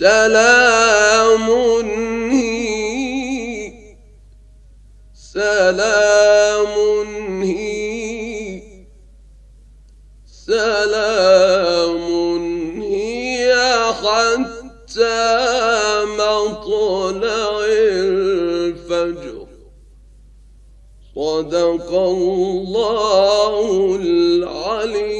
سلام هي سلام هي سلام هي حتى مطلع الفجر صدق الله العليم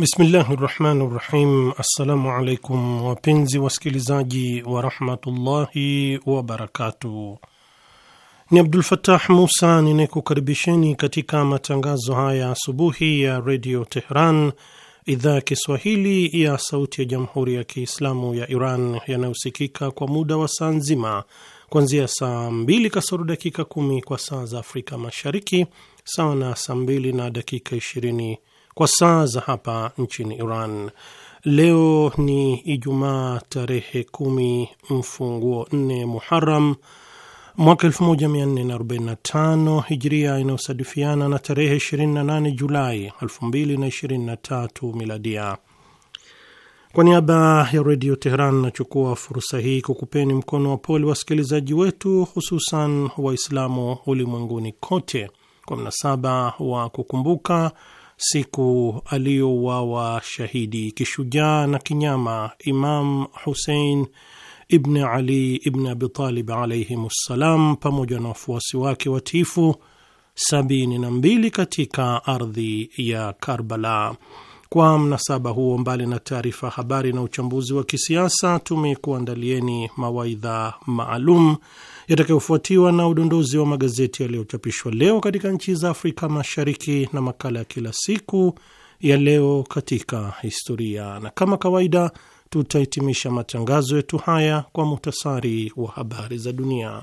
Bismillahi rahmani rahim. Assalamu alaikum wapenzi wasikilizaji warahmatullahi wabarakatuh. Ni Abdul Fattah Musa ninayekukaribisheni katika matangazo haya asubuhi ya redio Tehran, idhaa ya Kiswahili ya sauti ya jamhuri ya Kiislamu ya Iran, yanayosikika kwa muda wa saa nzima kuanzia saa mbili kasoro dakika kumi kwa saa za Afrika Mashariki, sawa na saa mbili na dakika ishirini kwa saa za hapa nchini Iran. Leo ni Ijumaa tarehe kumi mfunguo nne Muharam mwaka 1445 Hijria, inayosadifiana na tarehe 28 Julai 2023 Miladia. Kwa niaba ya Redio Teheran nachukua fursa hii kukupeni mkono wa pole wasikilizaji wetu, hususan Waislamu ulimwenguni kote kwa mnasaba wa kukumbuka siku aliyouawa shahidi kishujaa na kinyama Imam Husein ibn Ali ibn abitalib alayhim alaihim ssalam, pamoja na wafuasi wake watiifu 72 katika ardhi ya Karbala. Kwa mnasaba huo, mbali na taarifa habari na uchambuzi wa kisiasa, tumekuandalieni mawaidha maalum yatakayofuatiwa na udondozi wa magazeti yaliyochapishwa leo katika nchi za Afrika Mashariki na makala ya kila siku ya leo katika historia, na kama kawaida tutahitimisha matangazo yetu haya kwa muhtasari wa habari za dunia.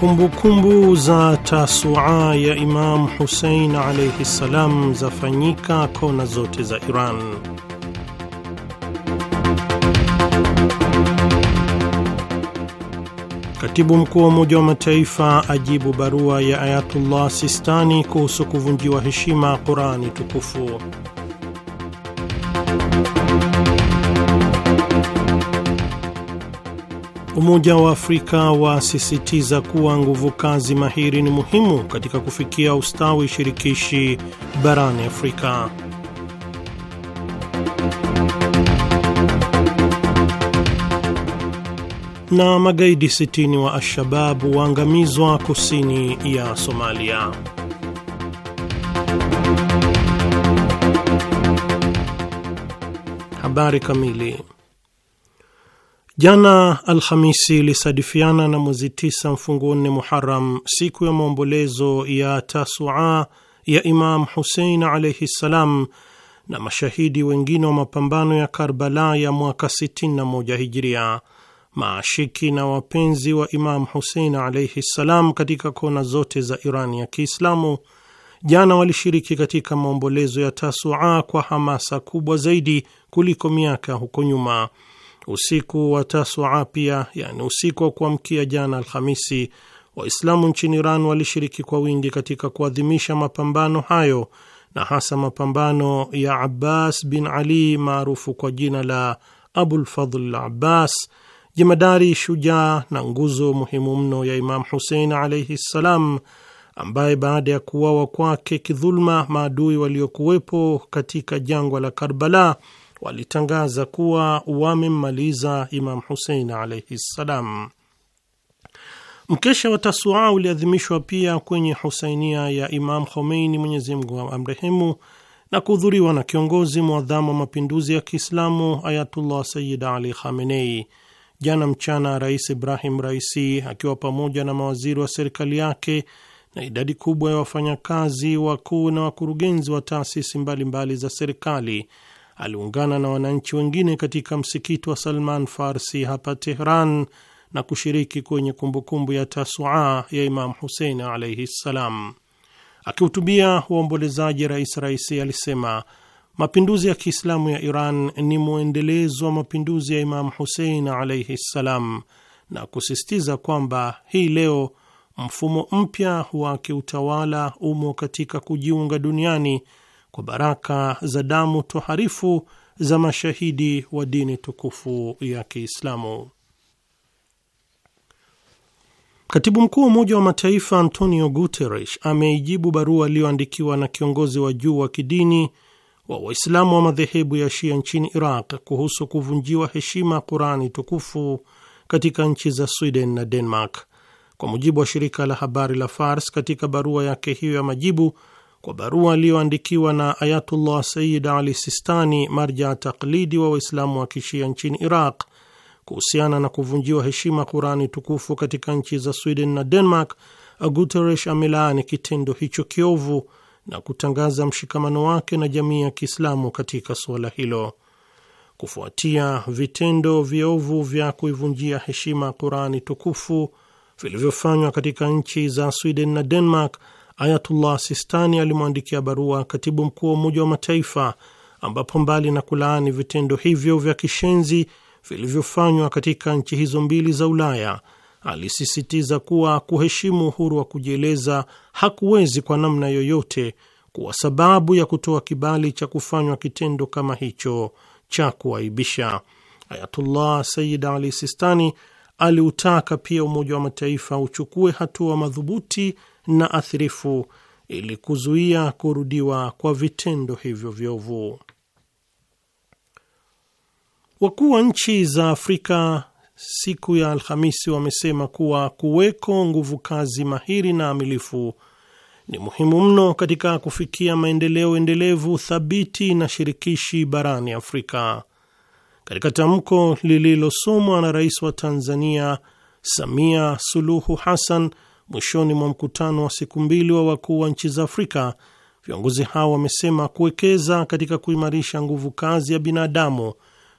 Kumbukumbu za Tasua ya Imam Husein alaihi ssalam zafanyika kona zote za Iran. Katibu mkuu wa Umoja wa Mataifa ajibu barua ya Ayatullah Sistani kuhusu kuvunjiwa heshima Qurani tukufu. Umoja wa Afrika wasisitiza kuwa nguvu kazi mahiri ni muhimu katika kufikia ustawi shirikishi barani Afrika. Na magaidi 60 wa Al-Shabab waangamizwa kusini ya Somalia. Habari kamili Jana Alhamisi ilisadifiana na mwezi tisa mfungo nne Muharam, siku ya maombolezo ya Tasua ya Imam Husein alaihi ssalam na mashahidi wengine wa mapambano ya Karbala ya mwaka 61 Hijiria. Maashiki na wapenzi wa Imam Husein alaihi ssalam katika kona zote za iran ya Kiislamu jana walishiriki katika maombolezo ya Tasua kwa hamasa kubwa zaidi kuliko miaka huko nyuma Usiku wa Taswaa pia, yani usiku wa kuamkia jana Alhamisi, Waislamu nchini Iran walishiriki kwa wingi katika kuadhimisha mapambano hayo na hasa mapambano ya Abbas bin Ali maarufu kwa jina la Abulfadhl Abbas, jemadari shujaa na nguzo muhimu mno ya Imam Husein alaihi ssalam, ambaye baada ya kuwawa kwake kidhuluma maadui waliokuwepo katika jangwa la Karbala walitangaza kuwa wamemmaliza Imam Husein alaihi ssalam. Mkesha wa Tasua uliadhimishwa pia kwenye husainia ya Imam Khomeini, Mwenyezi Mungu amrehemu, na kuhudhuriwa na kiongozi mwadhamu wa mapinduzi ya Kiislamu Ayatullah Sayyid Ali Khamenei. Jana mchana, Rais Ibrahim Raisi akiwa pamoja na mawaziri wa serikali yake na idadi kubwa ya wafanyakazi wakuu na wakurugenzi wa taasisi mbalimbali za serikali aliungana na wananchi wengine katika msikiti wa Salman Farsi hapa Tehran na kushiriki kwenye kumbukumbu ya Tasua ya Imam Husein alaihi ssalam. Akihutubia waombolezaji, Rais Raisi alisema mapinduzi ya Kiislamu ya Iran ni mwendelezo wa mapinduzi ya Imam Husein alaihi ssalam, na kusisitiza kwamba hii leo mfumo mpya wa kiutawala umo katika kujiunga duniani kwa baraka za damu toharifu za mashahidi wa dini tukufu ya Kiislamu. Katibu mkuu wa Umoja wa Mataifa Antonio Guterres ameijibu barua aliyoandikiwa na kiongozi wa juu wa kidini wa Waislamu wa madhehebu ya Shia nchini Iraq kuhusu kuvunjiwa heshima Qurani tukufu katika nchi za Sweden na Denmark. Kwa mujibu wa shirika la habari la Fars, katika barua yake hiyo ya majibu, kwa barua aliyoandikiwa na Ayatullah Sayyid Ali Sistani, marja taklidi wa Waislamu wa kishia nchini Iraq kuhusiana na kuvunjiwa heshima Qurani tukufu katika nchi za Sweden na Denmark, Guterres amelaani kitendo hicho kiovu na kutangaza mshikamano wake na jamii ya Kiislamu katika suala hilo. Kufuatia vitendo viovu vya kuivunjia heshima Qurani tukufu vilivyofanywa katika nchi za Sweden na Denmark, Ayatullah Sistani alimwandikia barua katibu mkuu wa Umoja wa Mataifa, ambapo mbali na kulaani vitendo hivyo vya kishenzi vilivyofanywa katika nchi hizo mbili za Ulaya, alisisitiza kuwa kuheshimu uhuru wa kujieleza hakuwezi kwa namna yoyote kuwa sababu ya kutoa kibali cha kufanywa kitendo kama hicho cha kuaibisha. Ayatullah Sayyid Ali Sistani aliutaka pia Umoja wa Mataifa uchukue hatua madhubuti na athirifu ili kuzuia kurudiwa kwa vitendo hivyo vyovu. Wakuu wa nchi za Afrika siku ya Alhamisi wamesema kuwa kuweko nguvu kazi mahiri na amilifu ni muhimu mno katika kufikia maendeleo endelevu, thabiti na shirikishi barani Afrika. Katika tamko lililosomwa na Rais wa Tanzania Samia Suluhu Hassan Mwishoni mwa mkutano wa siku mbili wa wakuu wa nchi za Afrika, viongozi hao wamesema kuwekeza katika kuimarisha nguvu kazi ya binadamu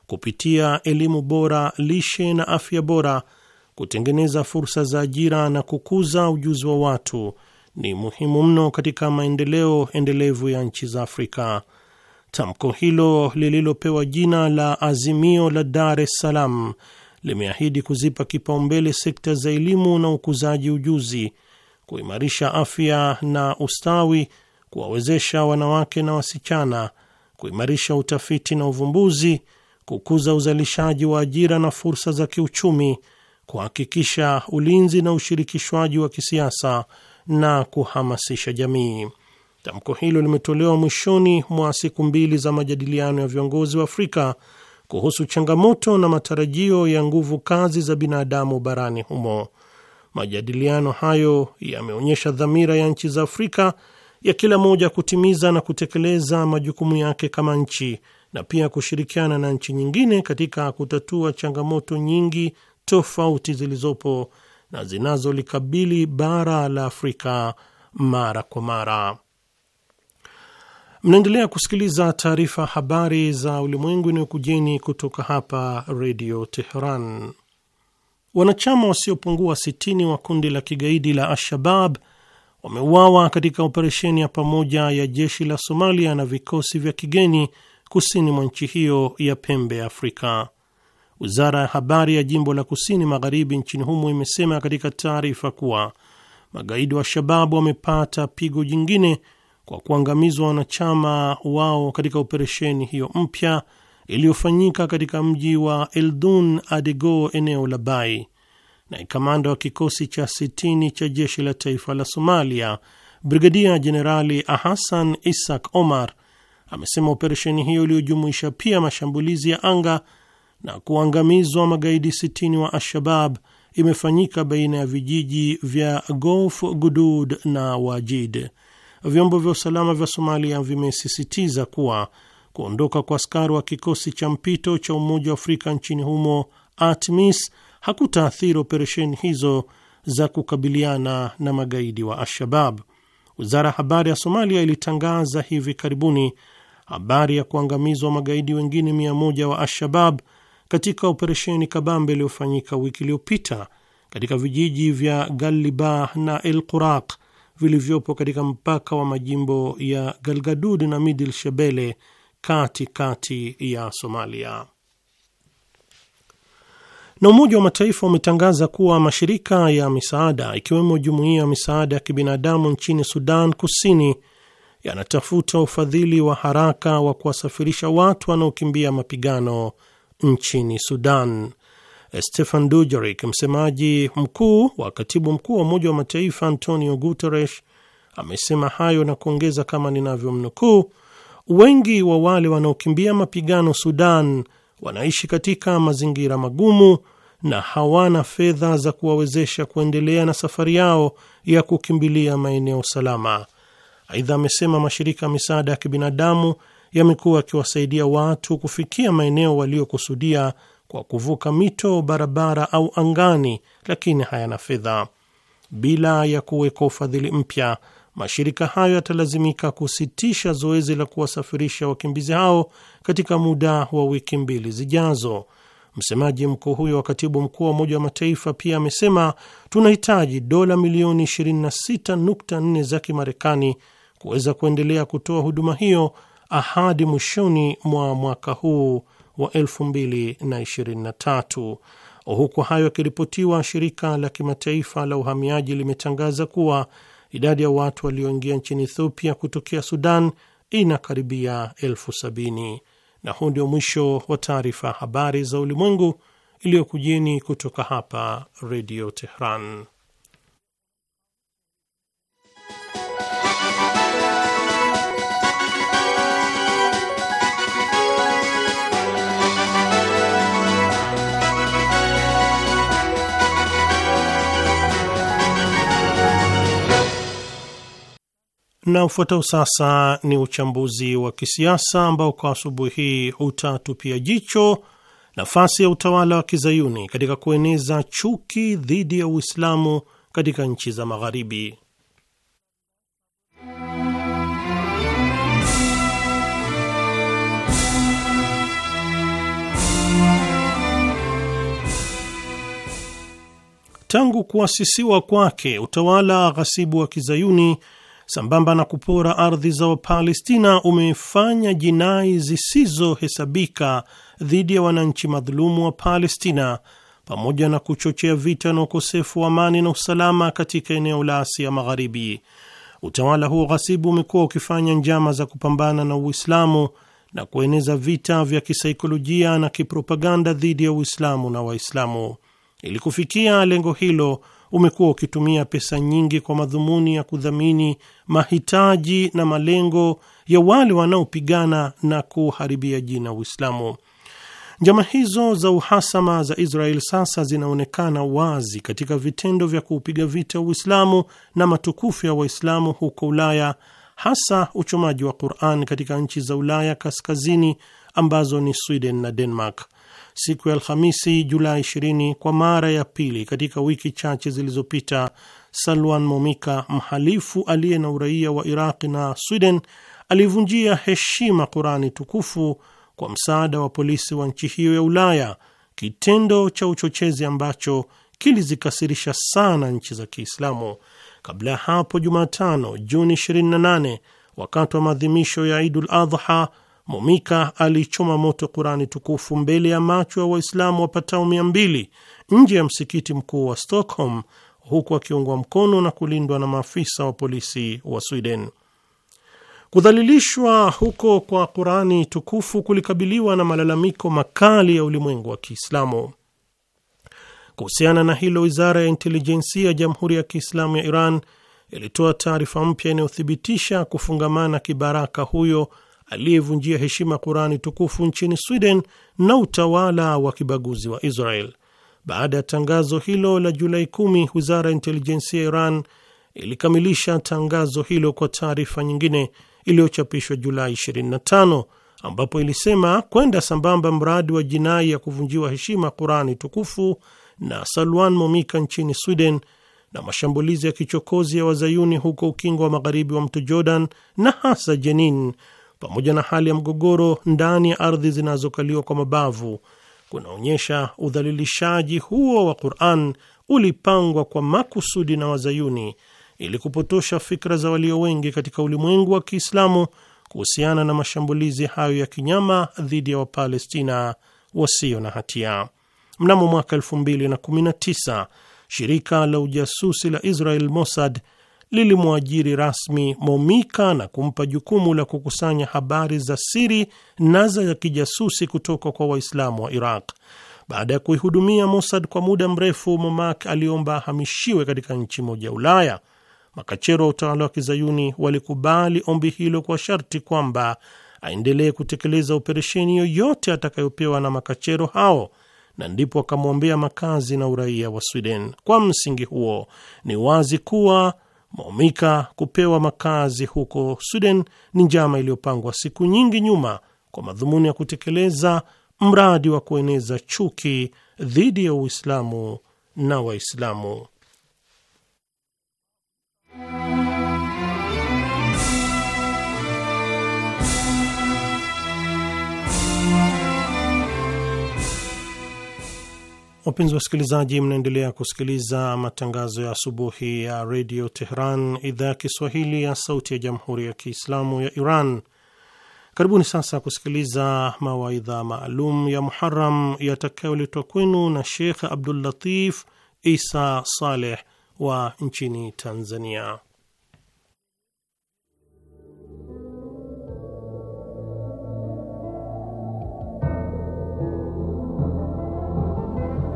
kupitia elimu bora, lishe na afya bora, kutengeneza fursa za ajira na kukuza ujuzi wa watu ni muhimu mno katika maendeleo endelevu ya nchi za Afrika. Tamko hilo lililopewa jina la Azimio la Dar es Salaam limeahidi kuzipa kipaumbele sekta za elimu na ukuzaji ujuzi, kuimarisha afya na ustawi, kuwawezesha wanawake na wasichana, kuimarisha utafiti na uvumbuzi, kukuza uzalishaji wa ajira na fursa za kiuchumi, kuhakikisha ulinzi na ushirikishwaji wa kisiasa na kuhamasisha jamii. Tamko hilo limetolewa mwishoni mwa siku mbili za majadiliano ya viongozi wa Afrika kuhusu changamoto na matarajio ya nguvu kazi za binadamu barani humo. Majadiliano hayo yameonyesha dhamira ya nchi za Afrika ya kila moja kutimiza na kutekeleza majukumu yake kama nchi na pia kushirikiana na nchi nyingine katika kutatua changamoto nyingi tofauti zilizopo na zinazolikabili bara la Afrika mara kwa mara. Mnaendelea kusikiliza taarifa habari za ulimwengu inayokujeni kutoka hapa redio Teheran. Wanachama wasiopungua 60 wa kundi la kigaidi la Al-Shabab wameuawa katika operesheni ya pamoja ya jeshi la Somalia na vikosi vya kigeni kusini mwa nchi hiyo ya pembe ya Afrika. Wizara ya habari ya jimbo la kusini magharibi nchini humo imesema katika taarifa kuwa magaidi wa Shababu wamepata pigo jingine kwa kuangamizwa wanachama wao katika operesheni hiyo mpya iliyofanyika katika mji wa Eldun Adego, eneo la Bai. Naye kamanda wa kikosi cha sitini cha jeshi la taifa la Somalia, Brigadia Jenerali Ahasan Isak Omar amesema operesheni hiyo iliyojumuisha pia mashambulizi ya anga na kuangamizwa magaidi 60 wa Al-Shabab imefanyika baina ya vijiji vya Gof Gudud na Wajid vyombo vya usalama vya Somalia vimesisitiza kuwa kuondoka kwa askari wa kikosi cha mpito cha Umoja wa Afrika nchini humo ATMIS hakutaathiri operesheni hizo za kukabiliana na magaidi wa Al-Shabab. Wizara ya habari ya Somalia ilitangaza hivi karibuni habari ya kuangamizwa magaidi wengine mia moja wa Al-Shabab katika operesheni kabambe iliyofanyika wiki iliyopita katika vijiji vya Galliba na El Quraq vilivyopo katika mpaka wa majimbo ya Galgadud na Midil Shebele katikati kati ya Somalia. Na Umoja wa Mataifa umetangaza kuwa mashirika ya misaada ikiwemo jumuiya ya misaada ya kibinadamu nchini Sudan Kusini yanatafuta ufadhili wa haraka wa kuwasafirisha watu wanaokimbia mapigano nchini Sudan. Stefan Dujarik, msemaji mkuu wa katibu mkuu wa Umoja wa Mataifa Antonio Guterres, amesema hayo na kuongeza kama ninavyomnukuu, wengi wa wale wanaokimbia mapigano Sudan wanaishi katika mazingira magumu na hawana fedha za kuwawezesha kuendelea na safari yao ya kukimbilia maeneo salama. Aidha, amesema mashirika ya misaada ya kibinadamu yamekuwa yakiwasaidia watu kufikia maeneo waliokusudia kwa kuvuka mito, barabara au angani, lakini hayana fedha. Bila ya kuwekwa ufadhili mpya, mashirika hayo yatalazimika kusitisha zoezi la kuwasafirisha wakimbizi hao katika muda wa wiki mbili zijazo. Msemaji mkuu huyo wa katibu mkuu wa Umoja wa Mataifa pia amesema tunahitaji dola milioni 26.4 za Kimarekani kuweza kuendelea kutoa huduma hiyo ahadi mwishoni mwa mwaka huu wa 2023. Huku hayo yakiripotiwa, shirika la kimataifa la uhamiaji limetangaza kuwa idadi ya watu walioingia nchini Ethiopia kutokea Sudan inakaribia elfu sabini. Na huu ndio mwisho wa taarifa habari za ulimwengu iliyokujeni kutoka hapa Redio Tehran. Na ufuatao sasa ni uchambuzi wa kisiasa ambao kwa asubuhi hii utatupia jicho nafasi ya utawala wa kizayuni katika kueneza chuki dhidi ya Uislamu katika nchi za Magharibi. Tangu kuasisiwa kwake utawala ghasibu wa kizayuni sambamba na kupora ardhi za Wapalestina umefanya jinai zisizohesabika dhidi ya wananchi madhulumu wa Palestina pamoja na kuchochea vita na ukosefu wa amani na usalama katika eneo la Asia Magharibi. Utawala huo ghasibu umekuwa ukifanya njama za kupambana na Uislamu na kueneza vita vya kisaikolojia na kipropaganda dhidi ya Uislamu na Waislamu. Ili kufikia lengo hilo umekuwa ukitumia pesa nyingi kwa madhumuni ya kudhamini mahitaji na malengo ya wale wanaopigana na kuharibia jina Uislamu. Njama hizo za uhasama za Israel sasa zinaonekana wazi katika vitendo vya kuupiga vita Uislamu na matukufu ya Waislamu huko Ulaya, hasa uchomaji wa Quran katika nchi za Ulaya kaskazini ambazo ni Sweden na Denmark siku ya Alhamisi Julai 20 kwa mara ya pili katika wiki chache zilizopita, Salwan Momika, mhalifu aliye na uraia wa Iraqi na Sweden, alivunjia heshima Qurani tukufu kwa msaada wa polisi wa nchi hiyo ya Ulaya, kitendo cha uchochezi ambacho kilizikasirisha sana nchi za Kiislamu. Kabla ya hapo, Jumatano Juni 28, wakati wa maadhimisho ya Idul Adha mumika alichoma moto qurani tukufu mbele ya macho ya Waislamu wapatao mia mbili nje ya msikiti mkuu wa Stockholm, huku akiungwa mkono na kulindwa na maafisa wa polisi wa Sweden. Kudhalilishwa huko kwa qurani tukufu kulikabiliwa na malalamiko makali ya ulimwengu wa Kiislamu. Kuhusiana na hilo, wizara ya intelijensia ya Jamhuri ya Kiislamu ya Iran ilitoa taarifa mpya inayothibitisha kufungamana kibaraka huyo aliyevunjia heshima qurani tukufu nchini Sweden na utawala wa kibaguzi wa Israel. Baada ya tangazo hilo la Julai kumi, wizara ya intelijensia ya Iran ilikamilisha tangazo hilo kwa taarifa nyingine iliyochapishwa Julai 25 ambapo ilisema kwenda sambamba mradi wa jinai ya kuvunjiwa heshima qurani tukufu na Salwan Momika nchini Sweden na mashambulizi ya kichokozi ya wazayuni huko ukingo wa magharibi wa mto Jordan na hasa Jenin pamoja na hali ya mgogoro ndani ya ardhi zinazokaliwa kwa mabavu kunaonyesha udhalilishaji huo wa Qur'an ulipangwa kwa makusudi na wazayuni ili kupotosha fikra za walio wengi katika ulimwengu wa Kiislamu kuhusiana na mashambulizi hayo ya kinyama dhidi ya Wapalestina wasio na hatia. Mnamo mwaka 2019 shirika la ujasusi la Israel Mossad lilimwajiri rasmi Momika na kumpa jukumu la kukusanya habari za siri na za kijasusi kutoka kwa Waislamu wa Iraq. Baada ya kuihudumia Mossad kwa muda mrefu, Momak aliomba ahamishiwe katika nchi moja ya Ulaya. Makachero wa utawala wa kizayuni walikubali ombi hilo kwa sharti kwamba aendelee kutekeleza operesheni yoyote atakayopewa na makachero hao, na ndipo akamwombea makazi na uraia wa Sweden. Kwa msingi huo, ni wazi kuwa Momika kupewa makazi huko Sudan ni njama iliyopangwa siku nyingi nyuma kwa madhumuni ya kutekeleza mradi wa kueneza chuki dhidi ya Uislamu na Waislamu. Wapenzi wa wasikilizaji, mnaendelea kusikiliza matangazo ya asubuhi ya redio Tehran, idhaa ya Kiswahili ya sauti ya jamhuri ya Kiislamu ya Iran. Karibuni sasa kusikiliza mawaidha maalum ya Muharam yatakayoletwa kwenu na Sheikh Abdul Latif Isa Saleh wa nchini Tanzania.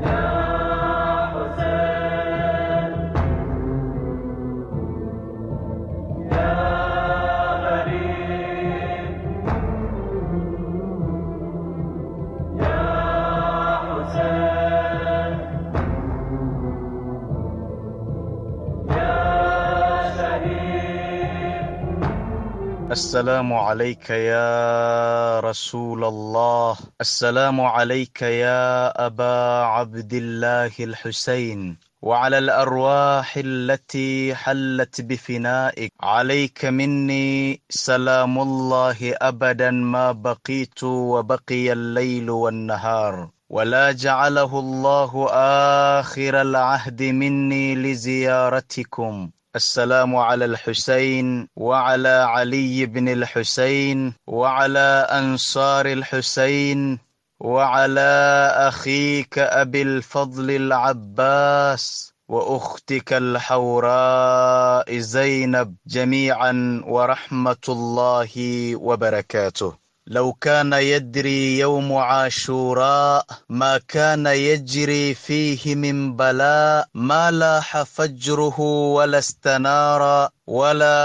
No. السلام عليك يا رسول الله السلام عليك يا أبا عبد الله الحسين وعلى الأرواح التي حلت بفنائك عليك مني سلام الله أبدا ما بقيت وبقي الليل والنهار ولا جعله الله آخر العهد مني لزيارتكم السلام على الحسين وعلى علي بن الحسين وعلى انصار الحسين وعلى اخيك ابي الفضل العباس واختك الحوراء زينب جميعا ورحمه الله وبركاته لو كان يدري يوم عاشوراء ما كان يجري فيه من بلاء ما لاح فجره ولا استنار ولا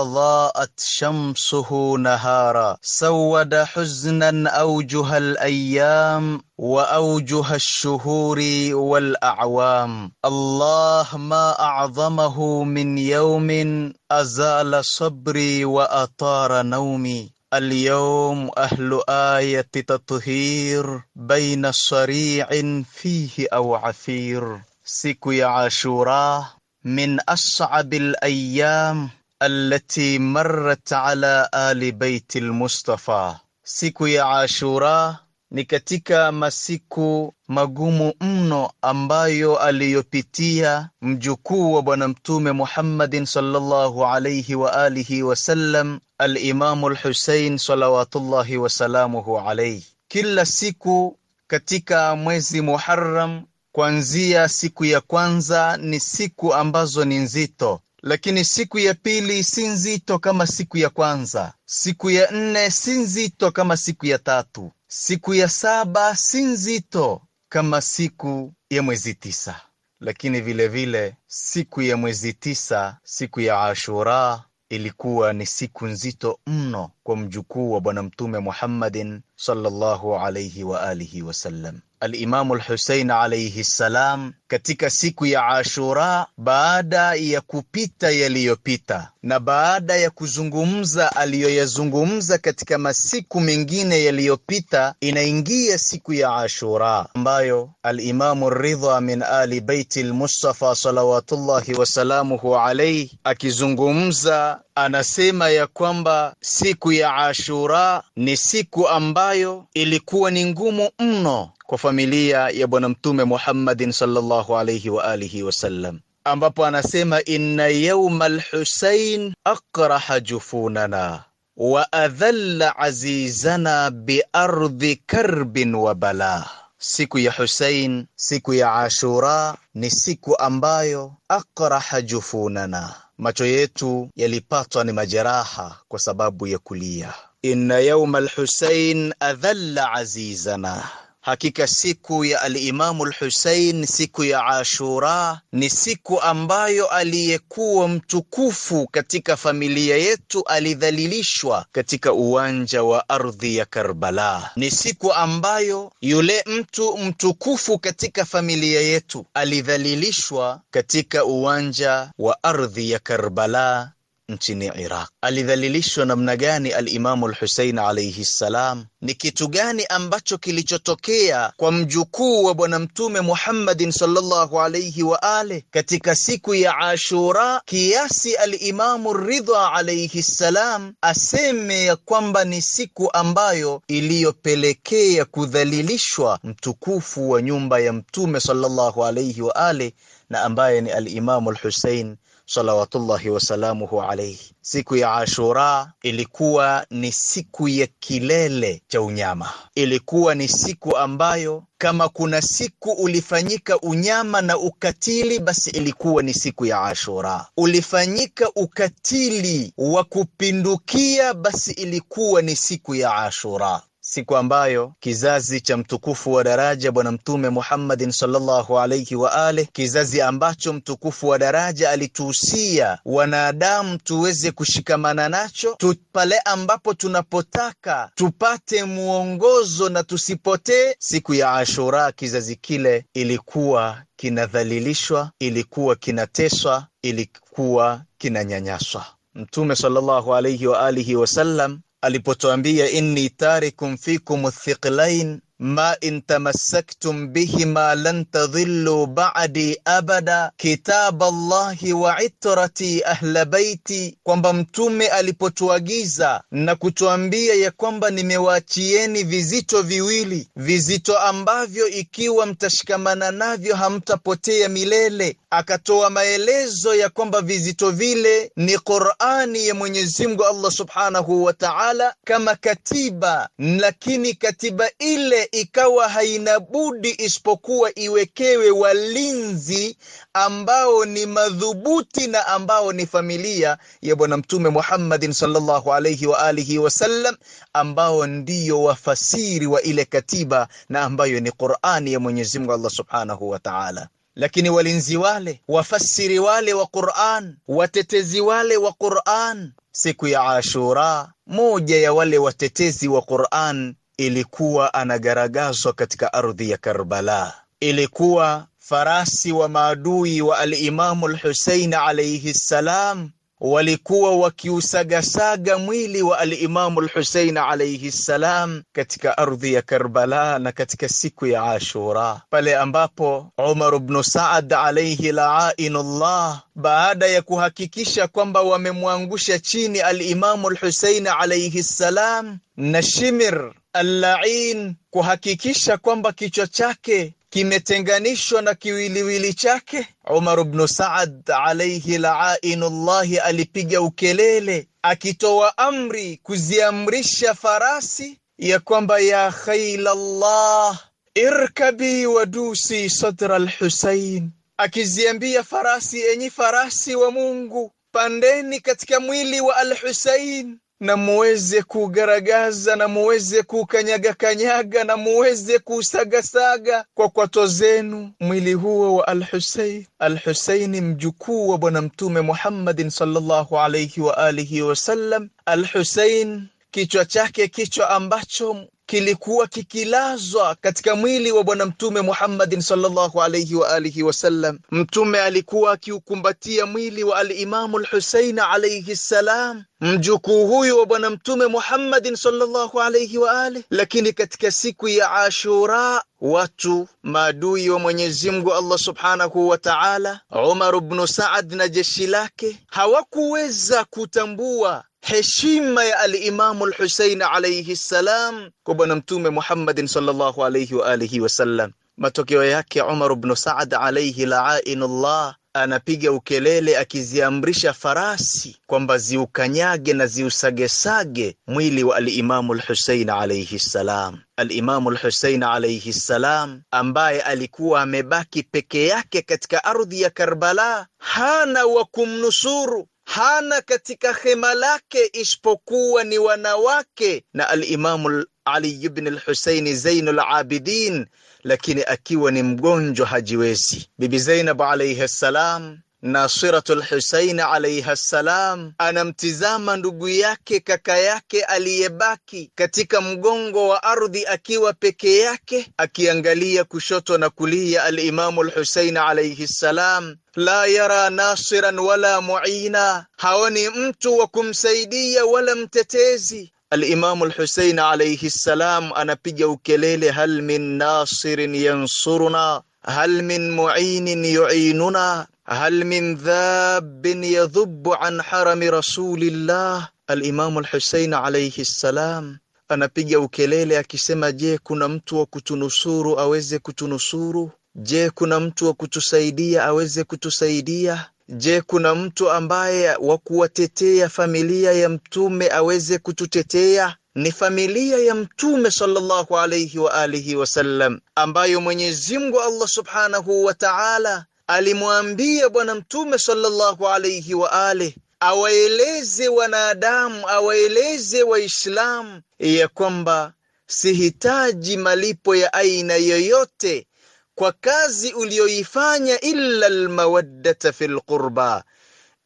أضاءت شمسه نهارا سود حزنا أوجه الأيام وأوجه الشهور والأعوام الله ما أعظمه من يوم أزال صبري وأطار نومي اليوم أهل آية تطهير بين صريع فيه أو عثير سكو يا عاشوراء من أصعب الأيام التي مرت على آل بيت المصطفى سكو يا عاشوراء Ni katika masiku magumu mno ambayo aliyopitia mjukuu wa Bwana Mtume Muhammadin sallallahu alayhi wa alihi wasallam, Alimamu Lhusein salawatullahi wasalamuhu alayhi. Kila siku katika mwezi Muharram, kuanzia siku ya kwanza ni siku ambazo ni nzito lakini siku ya pili si nzito kama siku ya kwanza. Siku ya nne si nzito kama siku ya tatu. Siku ya saba si nzito kama siku ya mwezi tisa, lakini vilevile vile siku ya mwezi tisa, siku ya Ashura ilikuwa ni siku nzito mno kwa mjukuu wa Bwana Mtume Muhammadin sallallahu alayhi wa alihi wasallam. Alimamu Lhusein alayhi salam, katika siku ya Ashura, baada ya kupita yaliyopita na baada ya kuzungumza aliyoyazungumza katika masiku mengine yaliyopita, inaingia siku ya Ashura ambayo Alimamu Ridha min ali baiti lmustafa salawatullahi wasalamuhu alayhi akizungumza, anasema ya kwamba siku ya Ashura ni siku ambayo ilikuwa ni ngumu mno kwa familia ya Bwana Mtume Muhammadin sallallahu alayhi wa alihi wasallam, ambapo anasema inna yauma lhusain akraha jufunana wa adhalla azizana biardhi karbin wa bala. Siku ya Husein, siku ya Ashura ni siku ambayo akraha jufunana macho yetu yalipatwa ni majeraha kwa sababu ya kulia. Inna yauma lhusein adhalla azizana Hakika siku ya alimamu Lhusein, siku ya Ashura, ni siku ambayo aliyekuwa mtukufu katika familia yetu alidhalilishwa katika uwanja wa ardhi ya Karbala. Ni siku ambayo yule mtu mtukufu katika familia yetu alidhalilishwa katika uwanja wa ardhi ya Karbala nchini Iraq. Alidhalilishwa namna gani Alimamu Lhusein alaihi ssalam? Ni kitu gani ambacho kilichotokea kwa mjukuu wa Bwana Mtume Muhammadin sallallahu alaihi wa ale katika siku ya Ashura kiasi Alimamu Ridha alaihi ssalam aseme ya kwamba ni siku ambayo iliyopelekea kudhalilishwa mtukufu wa nyumba ya Mtume sallallahu alaihi wa ale na ambaye ni Alimamu Lhusein al salawatullahi wasalamuhu alaihi. Siku ya Ashura ilikuwa ni siku ya kilele cha unyama, ilikuwa ni siku ambayo kama kuna siku ulifanyika unyama na ukatili, basi ilikuwa ni siku ya Ashura. Ulifanyika ukatili wa kupindukia, basi ilikuwa ni siku ya Ashura siku ambayo kizazi cha mtukufu wa daraja Bwana Mtume Muhammadin sallallahu alayhi wa ali, kizazi ambacho mtukufu wa daraja alituhusia wanadamu tuweze kushikamana nacho tu pale ambapo tunapotaka tupate mwongozo na tusipotee. Siku ya Ashura, kizazi kile ilikuwa kinadhalilishwa, ilikuwa kinateswa, ilikuwa kinanyanyaswa. Mtume sallallahu alayhi wa alihi wasallam alipotuambia inni tarikum fikum thiqlain ma in tamassaktum bihima lan tadhillu ba'di abada kitab Allahi wa itrati ahla baiti, kwamba Mtume alipotuagiza na kutuambia ya kwamba nimewaachieni vizito viwili, vizito ambavyo ikiwa mtashikamana navyo hamtapotea milele akatoa maelezo ya kwamba vizito vile ni Qur'ani ya Mwenyezi Mungu Allah Subhanahu wa Ta'ala kama katiba, lakini katiba ile ikawa haina budi isipokuwa iwekewe walinzi ambao ni madhubuti na ambao ni familia ya Bwana Mtume Muhammadin sallallahu alayhi wa alihi wasallam, ambao ndiyo wafasiri wa ile katiba na ambayo ni Qur'ani ya Mwenyezi Mungu Allah Subhanahu wa Ta'ala lakini walinzi wale, wafasiri wale wa Qur'an, watetezi wale wa Qur'an, siku ya Ashura, moja ya wale watetezi wa Qur'an ilikuwa anagaragazwa katika ardhi ya Karbala. Ilikuwa farasi wa maadui wa al-Imamu al-Husayn alayhi salam walikuwa wakiusagasaga mwili wa alimamu Lhusein alaihi ssalam katika ardhi ya Karbala na katika siku ya Ashura pale ambapo Umar bnu Saad alaihi laainullah baada ya kuhakikisha kwamba wamemwangusha chini alimamu Lhusein alaihi ssalam na Shimir Allain kuhakikisha kwamba kichwa chake kimetenganishwa na kiwiliwili chake. Umar bnu Saad alaihi laa'inullahi alipiga ukelele akitoa amri kuziamrisha farasi ya kwamba ya khailallah irkabi wadusi sadra lhusain, akiziambia farasi, enyi farasi wa Mungu, pandeni katika mwili wa Alhusain na muweze kuugaragaza na muweze kukanyaga kanyaga na muweze kuusagasaga kwa kwato zenu mwili huo wa Alhusein. Alhuseini mjukuu wa Bwana Mtume Muhammadin sallallahu alayhi wa alihi wasallam. Alhusein kichwa chake kichwa ambacho kilikuwa kikilazwa katika mwili wa Bwana Mtume Muhammadin sallallahu alayhi wa alihi wasallam. Mtume alikuwa akiukumbatia mwili wa alimamu Lhusein alayhi ssalam, mjukuu huyu wa Bwana Mtume Muhammadin sallallahu alayhi wa alihi. Lakini katika siku ya Ashura watu maadui wa Mwenyezi Mungu Allah subhanahu wa Ta'ala, Umar ibn Saad na jeshi lake hawakuweza kutambua heshima ya alimamu al-Husein alayhi salam kwa bwana mtume Muhammadin sallallahu alayhi wa alihi wasallam. Matokeo yake Umar ibn Saad alayhi la'inullah anapiga ukelele akiziamrisha farasi kwamba ziukanyage na ziusagesage mwili wa alimamu al-Husein alayhi salam. Alimamu al-Husein alayhi salam ambaye alikuwa amebaki peke yake katika ardhi ya Karbala, hana wa kumnusuru hana katika hema lake isipokuwa ni wanawake na alimamu Ali ibn al-Husaini Zainul Abidin, lakini akiwa ni mgonjwa hajiwezi. Bibi Zainab alayhi salam Nasiratu Lhusaini alaiha ssalam anamtizama ndugu yake kaka yake aliyebaki katika mgongo wa ardhi akiwa peke yake, akiangalia kushoto na kulia. Alimamu Lhusaini alaihi ssalam la yara nasiran wala muina, haoni mtu wa kumsaidia wala mtetezi. Alimamu Lhusaini alaihi ssalam anapiga ukelele, hal min nasirin yansuruna hal min muinin yuinuna hal min dhabin yadhubu an harami rasulillah. Alimamu Alhusein alaihi ssalam anapiga ukelele akisema, je, kuna mtu wa kutunusuru aweze kutunusuru? Je, kuna mtu wa kutusaidia aweze kutusaidia? Je, kuna mtu ambaye wa kuwatetea familia ya mtume aweze kututetea? Ni familia ya mtume sallallahu alayhi wa wasallam, ambayo Mwenyezi Allah subhanahu wa ta'ala alimwambia Bwana Mtume sallallahu alayhi wa ali awaeleze wanadamu, awaeleze Waislamu ya kwamba sihitaji malipo ya aina yoyote kwa kazi uliyoifanya, illa almawaddata fi lqurba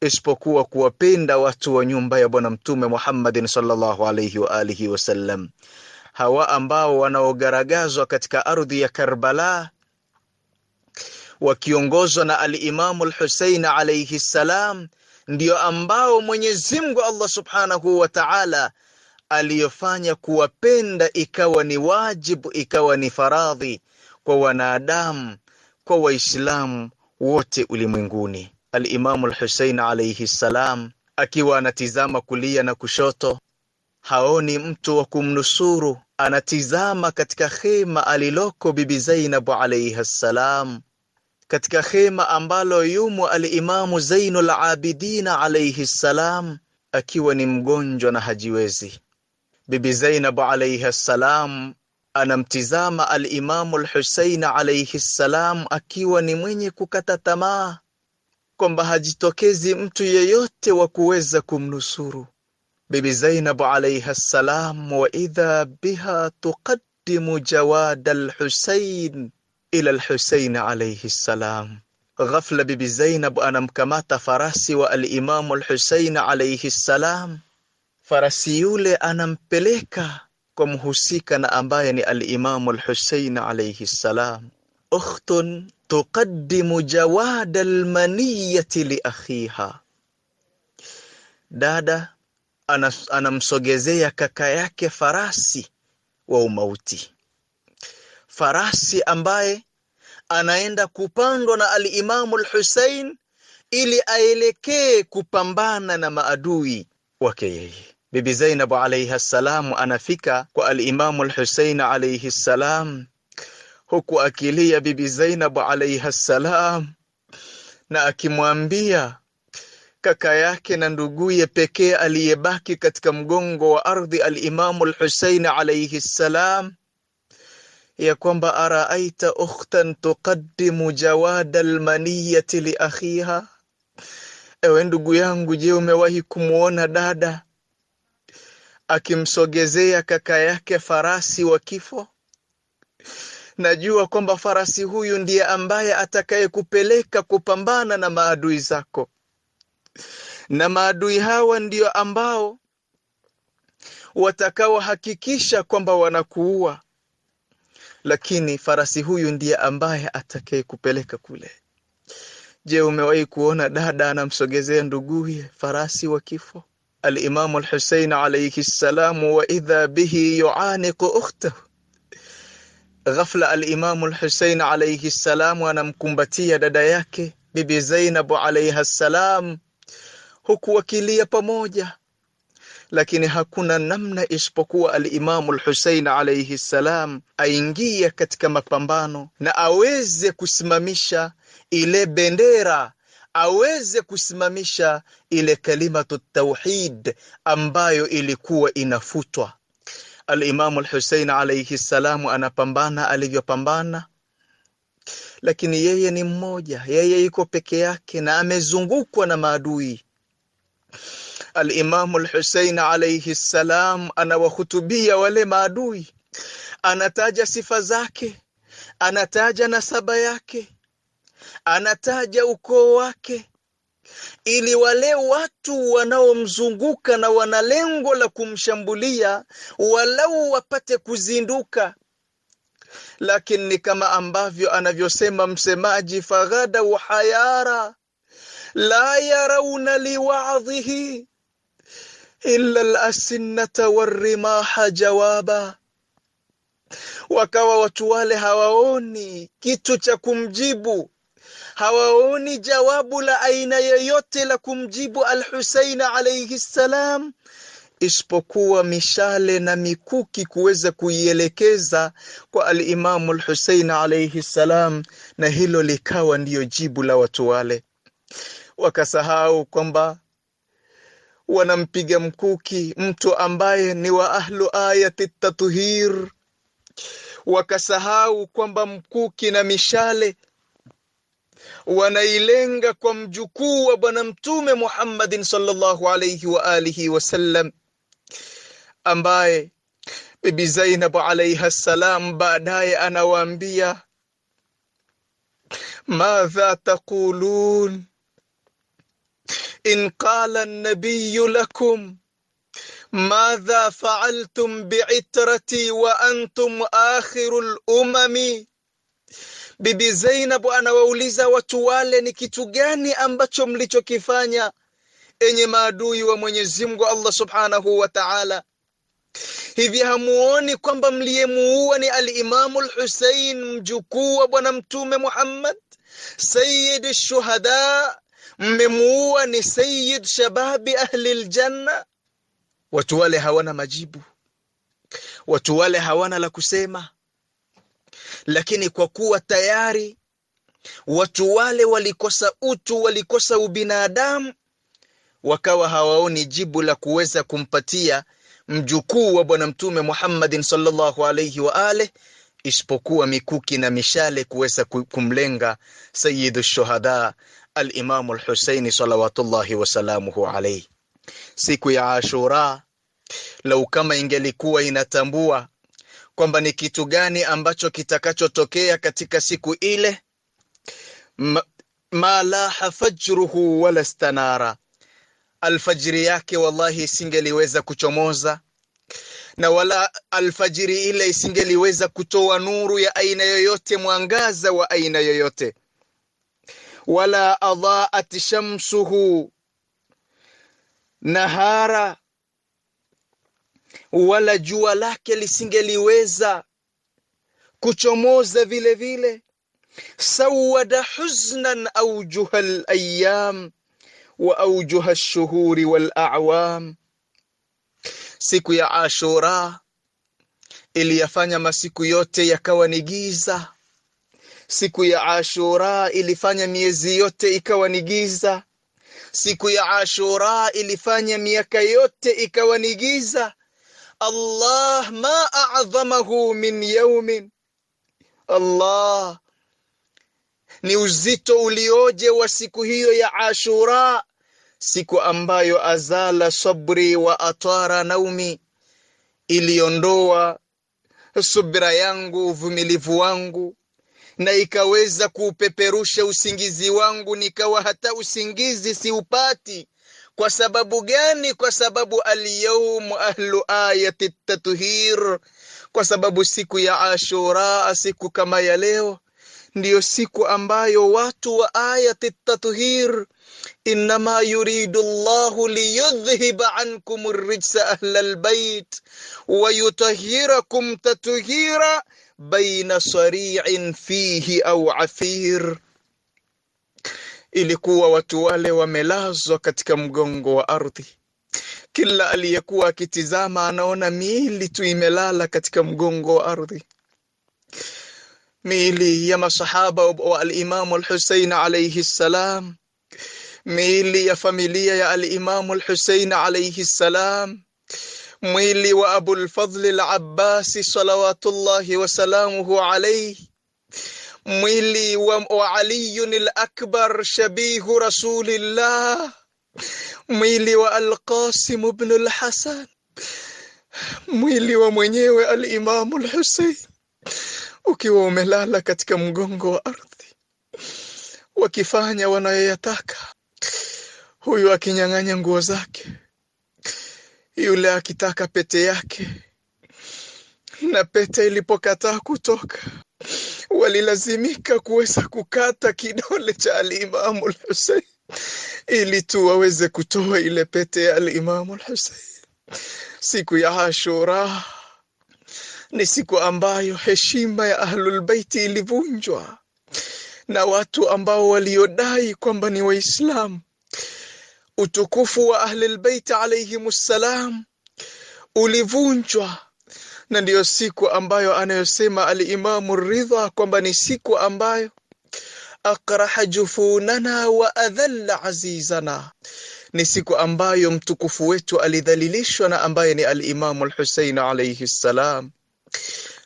isipokuwa kuwapenda watu wa nyumba ya Bwana Mtume Muhammadin salllahu alaihi wa alihi wasallam, hawa ambao wanaogaragazwa katika ardhi ya Karbala wakiongozwa na alimamu al-Husein alayhi salam, ndio ambao Mwenyezi Mungu Allah subhanahu wa ta'ala aliyofanya kuwapenda ikawa ni wajibu, ikawa ni faradhi kwa wanadamu, kwa Waislamu wote ulimwenguni. Alimamu al-Husein alayhi salam akiwa anatizama kulia na kushoto, haoni mtu wa kumnusuru, anatizama katika khema aliloko Bibi Zainabu alayha salam katika hema ambalo yumo alimamu Zainul Abidin alayhi salam akiwa ni mgonjwa na hajiwezi. Bibi Zainab alayhi salam anamtizama alimamu al alayhi salam akiwa ni mwenye kukata tamaa kwamba hajitokezi mtu yeyote wa kuweza kumnusuru. Bibi Zainab alayha salam, wa idha biha tuqaddimu jawad al-Husayn إلى الحسين عليه السلام غفل بيبي زينب أنا مكمات فراسي والإمام الحسين عليه السلام فراسي يولي أنا مبليكا كم حسيكنا أمبايني الإمام الحسين عليه السلام أخت تقدم جواد المنية لأخيها دادا أنا أنا مسوجزيا كاكاياكي فراسي وموتي farasi ambaye anaenda kupandwa na al-Imamu al-Hussein ili aelekee kupambana na maadui wake yeye. Bibi Zainab alayha salam anafika kwa al-Imamu al-Hussein alayhi salam huku akilia Bibi Zainab alayha salam na akimwambia kaka yake na nduguye pekee aliyebaki katika mgongo wa ardhi al-Imamu al-Hussein alayhi salam ya kwamba araaita ukhtan tuqaddimu jawada almaniyati li akhiha, ewe ndugu yangu, je, umewahi kumwona dada akimsogezea kaka yake farasi wa kifo? Najua kwamba farasi huyu ndiye ambaye atakayekupeleka kupambana na maadui zako, na maadui hawa ndio ambao watakaohakikisha kwamba wanakuua lakini farasi huyu ndiye ambaye kupeleka kule. Je, umewahi kuona dada anamsogezea nduguye farasi wa kifo? Alimamu Alhusein alayhi ssalamu, wa idha bihi yuaniqu ukhtahu. Ghafla Alimamu Alhusein alayhi ssalamu anamkumbatia dada yake Bibi Zainabu alayha ssalam, huku wakilia pamoja lakini hakuna namna isipokuwa alimamu Lhusein alaihi ssalam aingie katika mapambano na aweze kusimamisha ile bendera aweze kusimamisha ile kalimatu tauhid ambayo ilikuwa inafutwa. Alimamu Lhusein alaihi ssalamu anapambana alivyopambana, lakini yeye ni mmoja, yeye iko peke yake na amezungukwa na maadui. Alimamu lhusein alaihi ssalam anawahutubia wale maadui, anataja sifa zake, anataja nasaba yake, anataja ukoo wake, ili wale watu wanaomzunguka na wana lengo la kumshambulia walau wapate kuzinduka lakini ni kama ambavyo anavyosema msemaji, faghadau hayara, la yarawna liwa'dhihi illa al-asinnata war-rimaha jawaba wakawa watu wale hawaoni kitu cha kumjibu hawaoni jawabu la aina yoyote la kumjibu al-Husayn alayhi salam isipokuwa mishale na mikuki kuweza kuielekeza kwa al-Imamu al-Husayn alayhi salam na hilo likawa ndiyo jibu la watu wale wakasahau kwamba wanampiga mkuki mtu ambaye ni wa ahlu ayati tatuhir, wakasahau kwamba mkuki na mishale wanailenga kwa mjukuu wa Bwana Mtume Muhammadin sallallahu alayhi wa alihi wasallam, ambaye Bibi Zainab alayha salam baadaye anawaambia madha taqulun in إن قال lakum madha faaltum biitrati wa antum آخر الأمم Bibi Zainabu anawauliza watu wale, ni kitu gani ambacho mlichokifanya enye maadui wa Mwenyezi Mungu Allah Subhanahu wa Ta'ala? Hivi hamuoni kwamba mliyemuua ni al-Imamu al-Husayn, mjukuu wa bwana Mtume Muhammad, sayyid shuhada mmemuua ni sayyid shababi ahli aljanna. Watu wale hawana majibu, watu wale hawana la kusema, lakini kwa kuwa tayari watu wale walikosa utu, walikosa ubinadamu, wakawa hawaoni jibu la kuweza kumpatia mjukuu wa Bwana Mtume Muhammadin sallallahu alayhi wa ale, isipokuwa mikuki na mishale kuweza kumlenga sayyidu shuhada al lhuseini salawatullahi wasalamuhu alaihi Siku ya Ashura lau kama ingelikuwa inatambua kwamba ni kitu gani ambacho kitakachotokea katika siku ile, ma, ma laha fajruhu wala stanara, alfajiri yake wallahi isingeliweza kuchomoza na wala alfajiri ile isingeliweza kutoa nuru ya aina yoyote, mwangaza wa aina yoyote wala adhaat shamsuhu nahara, wala jua lake lisingeliweza kuchomoza vile vile. Sawada huznan aujuha alayam wa aujuha lshuhuri walawam. Siku ya Ashura iliyafanya masiku yote yakawa ni giza Siku ya Ashura ilifanya miezi yote ikawa ni giza. Siku ya Ashura ilifanya miaka yote ikawa ni giza. Allah ma a'dhamahu min yaumin, Allah ni uzito ulioje wa siku hiyo ya Ashura, siku ambayo azala sabri wa atara naumi, iliondoa subira yangu, uvumilivu wangu na ikaweza kuupeperusha usingizi wangu, nikawa hata usingizi siupati. Kwa sababu gani? Kwa sababu alyaumu ahlu ayati tathir, kwa sababu siku ya Ashura, siku kama ya leo, ndiyo siku ambayo watu wa ayati tathir إنما يريد الله ليذهب عنكم الرجس أهل البيت ويطهركم تطهيرا بين صريع fihi au afir ilikuwa watu wale wamelazwa katika mgongo wa ardhi kila aliyekuwa akitizama anaona miili tu imelala katika mgongo wa ardhi miili ya masahaba wa alimamu alhusein alaihi ssalam miili ya familia ya al-Imamu al-Hussein alayhi salam mwili wa Abul Fadhl al-Abbasi salawatullahi wa salamuhu alayhi mwili wa, wa Ali al-Akbar shabihu rasulillah mwili wa al-Qasim ibn al-Hasan mwili wa mwenyewe al-Imamu ukiwa umelala katika mgongo wa ardhi wakifanya wanayoyataka huyu akinyang'anya nguo zake, yule akitaka pete yake, na pete ilipokataa kutoka, walilazimika kuweza kukata kidole cha Alimamu Lhusein ili tu waweze kutoa ile pete ya Alimamu Lhusein. Siku ya Ashura ni siku ambayo heshima ya Ahlulbeiti ilivunjwa na watu ambao waliodai kwamba ni Waislamu. Utukufu wa Ahlilbeiti alayhimussalam ulivunjwa, na ndiyo siku ambayo anayosema Alimamu Ridha kwamba ni siku ambayo akraha jufunana wa adhalla azizana, ni siku ambayo mtukufu wetu alidhalilishwa na ambaye ni Alimamu Lhusein alayhi ssalam.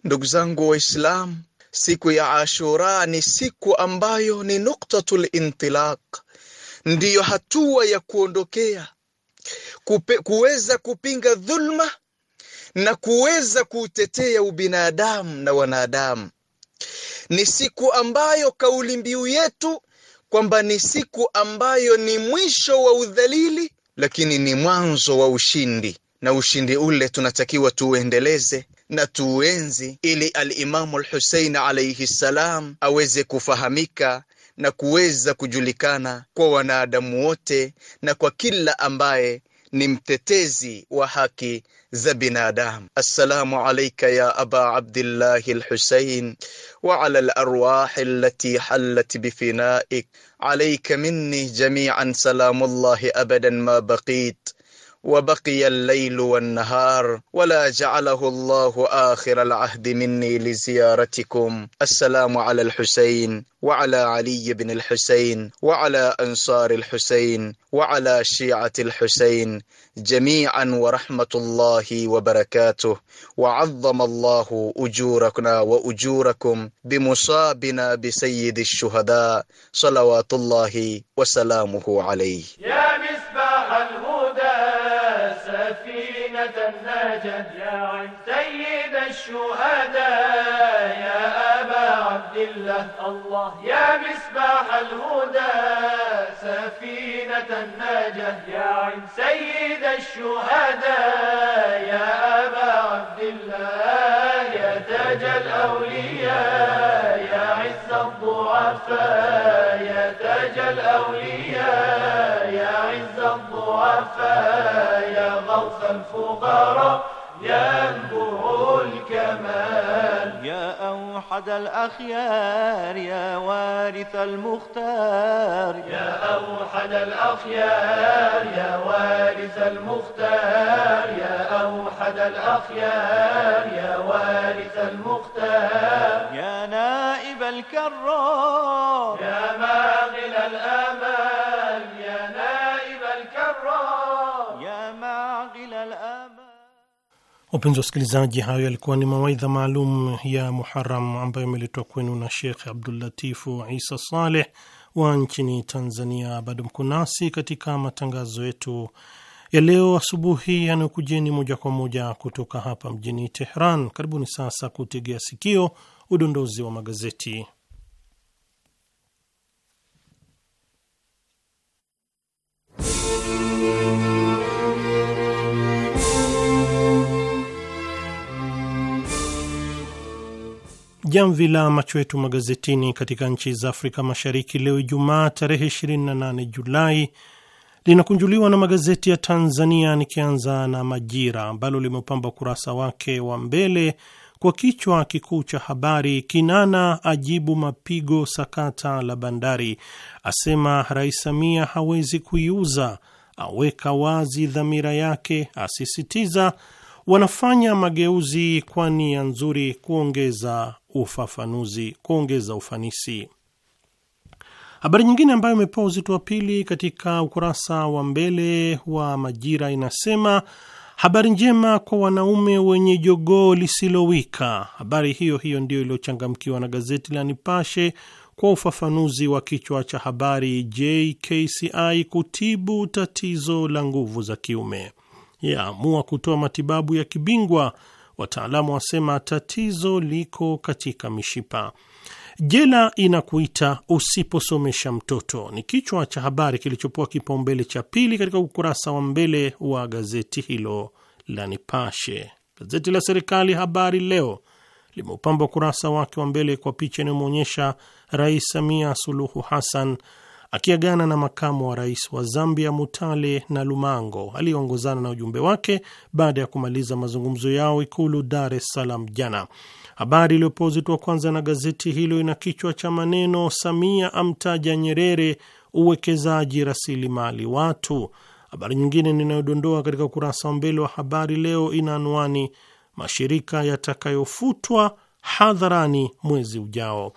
Ndugu zangu Waislamu, Siku ya Ashura ni siku ambayo ni nuktatul intilaq, ndiyo hatua ya kuondokea kupe, kuweza kupinga dhulma na kuweza kuutetea ubinadamu na wanadamu. Ni siku ambayo kauli mbiu yetu kwamba ni siku ambayo ni mwisho wa udhalili, lakini ni mwanzo wa ushindi, na ushindi ule tunatakiwa tuuendeleze na tuenzi ili alimamu Alhusein alayhi salam aweze kufahamika na kuweza kujulikana kwa wanadamu wote na kwa kila ambaye ni mtetezi wa haki za binadamu. Assalamu alayka ya aba Abdillahi Alhusein wa ala alarwah allati hallat bifinaik alayka minni jami'an salamullahi abadan ma baqit وبقي الليل والنهار ولا جعله الله آخر العهد مني لزيارتكم السلام على الحسين وعلى علي بن الحسين وعلى أنصار الحسين وعلى شيعة الحسين جميعا ورحمة الله وبركاته وعظم الله أجوركنا وأجوركم بمصابنا بسيد الشهداء صلوات الله وسلامه عليه الله يا مصباح الهدى سفينة النجاة يا عين سيد الشهداء يا أبا عبد الله يا تاج الأولياء يا عز الضعفاء يا تاج الأولياء يا عز الضعفاء يا غوث الفقراء أحد الأخيار يا وارث المختار يا أوحد الأخيار يا وارث المختار يا أوحد الأخيار يا وارث المختار يا نائب الكرام يا ماغل الأمان Wapenzi wasikilizaji, hayo yalikuwa ni mawaidha maalum ya Muharam ambayo imeletwa kwenu na Shekh Abdulatifu Isa Saleh wa nchini Tanzania. Bado mko nasi katika matangazo yetu ya leo asubuhi yanayokujeni moja kwa moja kutoka hapa mjini Tehran. Karibuni sasa kutegea sikio udondozi wa magazeti. jamvi la macho yetu magazetini katika nchi za Afrika Mashariki leo Ijumaa tarehe 28 Julai linakunjuliwa na magazeti ya Tanzania, nikianza na Majira ambalo limeupamba ukurasa wake wa mbele kwa kichwa kikuu cha habari, Kinana ajibu mapigo sakata la bandari, asema Rais Samia hawezi kuiuza, aweka wazi dhamira yake, asisitiza wanafanya mageuzi kwa nia nzuri kuongeza ufafanuzi, kuongeza ufanisi. Habari nyingine ambayo imepewa uzito wa pili katika ukurasa wa mbele wa Majira inasema habari njema kwa wanaume wenye jogoo lisilowika. Habari hiyo hiyo ndiyo iliyochangamkiwa na gazeti la Nipashe kwa ufafanuzi wa kichwa cha habari JKCI kutibu tatizo la nguvu za kiume yaamua kutoa matibabu ya kibingwa, wataalamu wasema tatizo liko katika mishipa. Jela inakuita usiposomesha mtoto ni kichwa cha habari kilichopoa kipaumbele cha pili katika ukurasa wa mbele wa gazeti hilo la Nipashe. Gazeti la serikali Habari Leo limeupamba ukurasa wake wa mbele kwa picha inayomwonyesha Rais Samia Suluhu Hassan akiagana na makamu wa rais wa Zambia Mutale na Lumango aliyeongozana na ujumbe wake baada ya kumaliza mazungumzo yao Ikulu Dar es Salaam jana. Habari iliyopewa uzito wa kwanza na gazeti hilo ina kichwa cha maneno Samia amtaja Nyerere uwekezaji rasilimali watu. Habari nyingine ninayodondoa katika ukurasa wa mbele wa Habari Leo ina anwani mashirika yatakayofutwa hadharani mwezi ujao.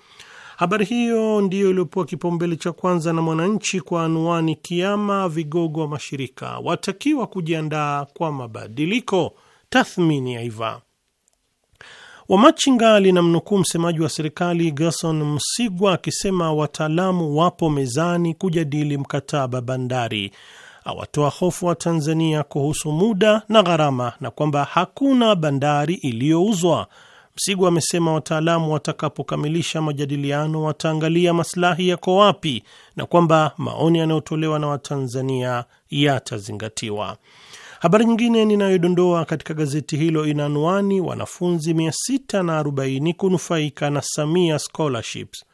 Habari hiyo ndiyo iliyopewa kipaumbele cha kwanza na Mwananchi kwa anwani, kiama vigogo wa mashirika watakiwa kujiandaa kwa mabadiliko, tathmini ya iva Wamachinga linamnukuu msemaji wa serikali Gerson Msigwa akisema wataalamu wapo mezani kujadili mkataba bandari. Awatoa hofu wa Tanzania kuhusu muda na gharama, na kwamba hakuna bandari iliyouzwa Msigwa amesema wataalamu watakapokamilisha majadiliano wataangalia masilahi yako wapi na kwamba maoni yanayotolewa na Watanzania yatazingatiwa. Habari nyingine ninayodondoa katika gazeti hilo ina anwani wanafunzi 640 kunufaika na Samia scholarships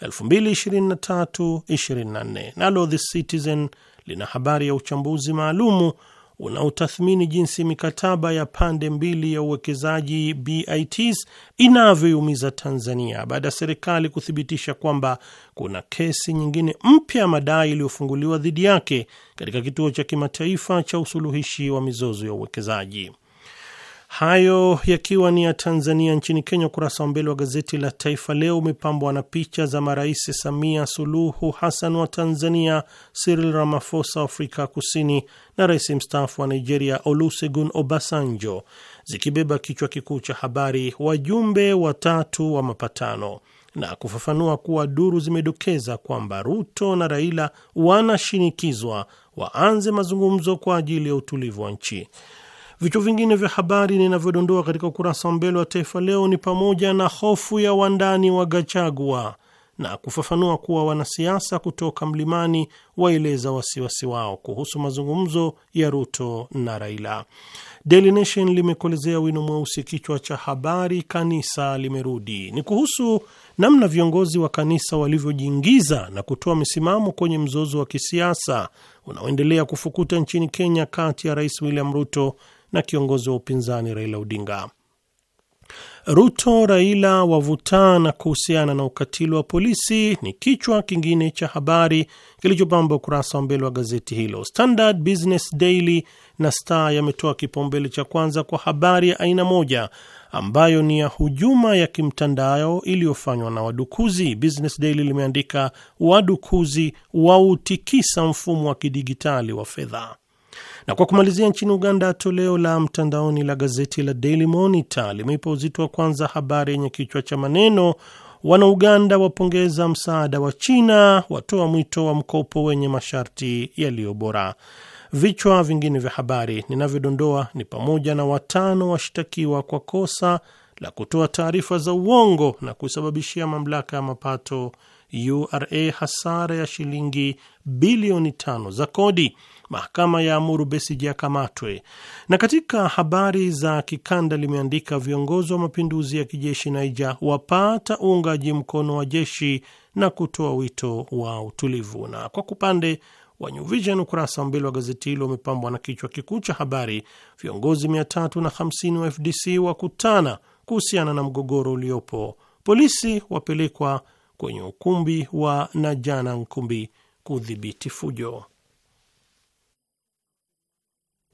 2023/24. Nalo The Citizen lina habari ya uchambuzi maalumu unaotathmini jinsi mikataba ya pande mbili ya uwekezaji BITs inavyoiumiza Tanzania baada ya serikali kuthibitisha kwamba kuna kesi nyingine mpya ya madai iliyofunguliwa dhidi yake katika kituo cha kimataifa cha usuluhishi wa mizozo ya uwekezaji. Hayo yakiwa ni ya Tanzania. Nchini Kenya, ukurasa wa mbele wa gazeti la Taifa Leo umepambwa na picha za marais Samia Suluhu Hassan wa Tanzania, Cyril Ramaphosa wa Afrika Kusini na rais mstaafu wa Nigeria Olusegun Obasanjo, zikibeba kichwa kikuu cha habari wajumbe watatu wa mapatano, na kufafanua kuwa duru zimedokeza kwamba Ruto na Raila wanashinikizwa waanze mazungumzo kwa ajili ya utulivu wa nchi. Vichwa vingine vya habari ninavyodondoa katika ukurasa wa mbele wa Taifa Leo ni pamoja na hofu ya wandani wa Gachagua na kufafanua kuwa wanasiasa kutoka Mlimani waeleza wasiwasi wao kuhusu mazungumzo ya Ruto na Raila. Daily Nation limekolezea wino mweusi kichwa cha habari, kanisa limerudi. Ni kuhusu namna viongozi wa kanisa walivyojiingiza na kutoa misimamo kwenye mzozo wa kisiasa unaoendelea kufukuta nchini Kenya kati ya Rais William Ruto na kiongozi wa upinzani Raila Odinga. Ruto Raila wavutana kuhusiana na ukatili wa polisi ni kichwa kingine cha habari kilichopamba ukurasa wa mbele wa gazeti hilo. Standard Business Daily na Star yametoa kipaumbele cha kwanza kwa habari ya aina moja ambayo ni ya hujuma ya kimtandao iliyofanywa na wadukuzi. Business Daily limeandika wadukuzi wautikisa mfumo wa kidigitali wa fedha. Na kwa kumalizia, nchini Uganda, toleo la mtandaoni la gazeti la Daily Monitor limeipa uzito wa kwanza habari yenye kichwa cha maneno Wanauganda wapongeza msaada wa China, watoa mwito wa mkopo wenye masharti yaliyo bora. Vichwa vingine vya habari ninavyodondoa ni pamoja na watano washtakiwa kwa kosa la kutoa taarifa za uongo na kusababishia mamlaka ya mapato URA hasara ya shilingi bilioni tano za kodi mahakama ya amuru Besigye akamatwe. Na katika habari za kikanda limeandika viongozi wa mapinduzi ya kijeshi Naija wapata uungaji mkono wa jeshi na kutoa wito wa utulivu. Na kwa upande wa New Vision, ukurasa wa mbele wa gazeti hilo umepambwa na kichwa kikuu cha habari, viongozi 350 wa FDC wakutana kuhusiana na mgogoro uliopo, polisi wapelekwa kwenye ukumbi wa Najana Nkumbi kudhibiti fujo.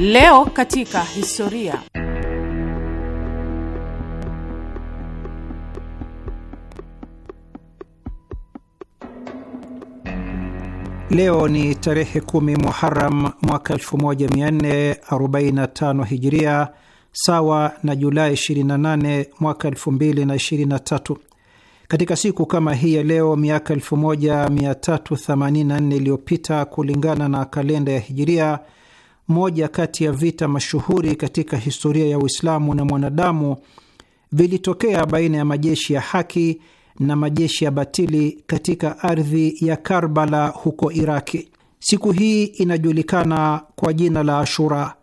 Leo katika historia. Leo ni tarehe kumi Muharam mwaka 1445 Hijiria, sawa na Julai 28 mwaka 2023. Katika siku kama hii ya leo miaka 1384 iliyopita kulingana na kalenda ya Hijiria, moja kati ya vita mashuhuri katika historia ya Uislamu na mwanadamu, vilitokea baina ya majeshi ya haki na majeshi ya batili katika ardhi ya Karbala huko Iraki. Siku hii inajulikana kwa jina la Ashura.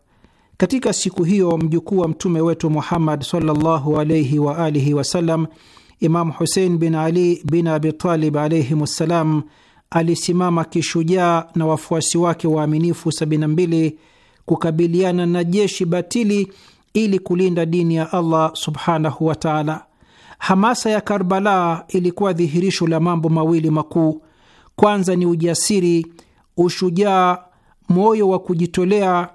Katika siku hiyo mjukuu wa mtume wetu Muhammad sallallahu alaihi wa alihi wasallam, Imamu Husein bin Ali bin Abitalib alaihim ssalam, alisimama kishujaa na wafuasi wake waaminifu kukabiliana na jeshi batili ili kulinda dini ya Allah subhanahu wa taala. Hamasa ya Karbala ilikuwa dhihirisho la mambo mawili makuu. Kwanza ni ujasiri, ushujaa, moyo wa kujitolea,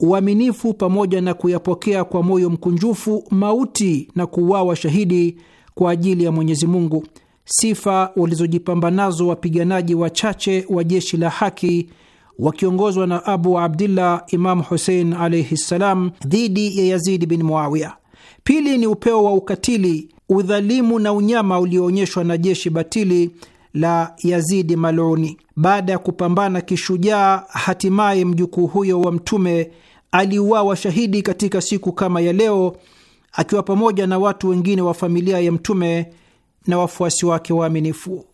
uaminifu, pamoja na kuyapokea kwa moyo mkunjufu mauti na kuuawa shahidi kwa ajili ya Mwenyezi Mungu, sifa walizojipamba nazo wapiganaji wachache wa jeshi la haki wakiongozwa na Abu Abdillah Imamu Husein alaihi ssalam dhidi ya Yazidi bin Muawiya. Pili ni upeo wa ukatili, udhalimu na unyama ulioonyeshwa na jeshi batili la Yazidi maluni. Baada ya kupambana kishujaa, hatimaye mjukuu huyo wa Mtume aliuawa shahidi katika siku kama ya leo, akiwa pamoja na watu wengine wa familia ya Mtume na wafuasi wake waaminifu.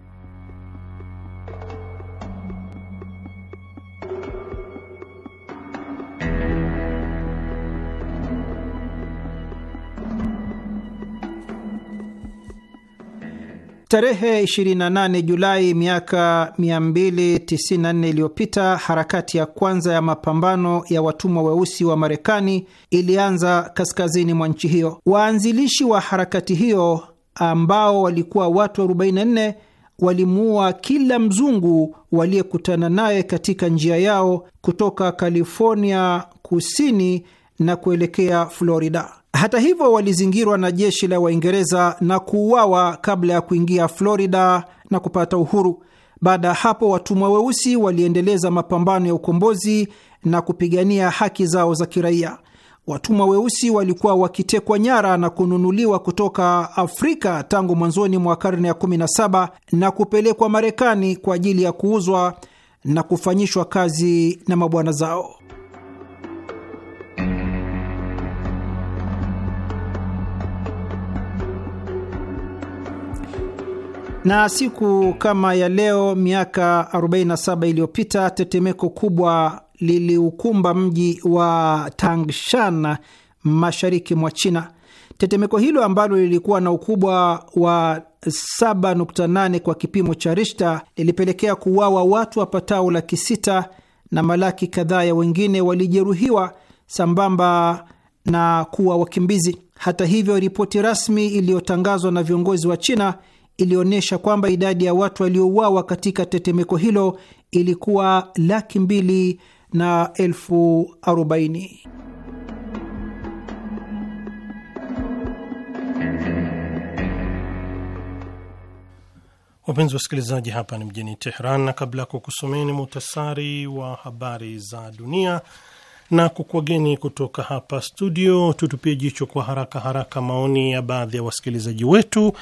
Tarehe 28 Julai miaka 294 iliyopita harakati ya kwanza ya mapambano ya watumwa weusi wa Marekani ilianza kaskazini mwa nchi hiyo. Waanzilishi wa harakati hiyo ambao walikuwa watu 44 walimuua kila mzungu waliyekutana naye katika njia yao kutoka California kusini na kuelekea Florida. Hata hivyo, walizingirwa na jeshi la Waingereza na kuuawa kabla ya kuingia Florida na kupata uhuru. Baada ya hapo, watumwa weusi waliendeleza mapambano ya ukombozi na kupigania haki zao za kiraia. Watumwa weusi walikuwa wakitekwa nyara na kununuliwa kutoka Afrika tangu mwanzoni mwa karne ya 17 na kupelekwa Marekani kwa ajili ya kuuzwa na kufanyishwa kazi na mabwana zao. Na siku kama ya leo miaka 47 iliyopita tetemeko kubwa liliukumba mji wa Tangshan mashariki mwa China. Tetemeko hilo ambalo lilikuwa na ukubwa wa 7.8 kwa kipimo cha Rishta lilipelekea kuuawa watu wapatao laki sita na malaki kadhaa ya wengine walijeruhiwa sambamba na kuwa wakimbizi. Hata hivyo, ripoti rasmi iliyotangazwa na viongozi wa China ilionyesha kwamba idadi ya watu waliouawa katika tetemeko hilo ilikuwa laki mbili na elfu arobaini. Wapenzi wasikilizaji, hapa ni mjini Teheran, na kabla ya kukusomeni muhtasari wa habari za dunia na kukuageni kutoka hapa studio, tutupie jicho kwa haraka haraka maoni ya baadhi ya wasikilizaji wetu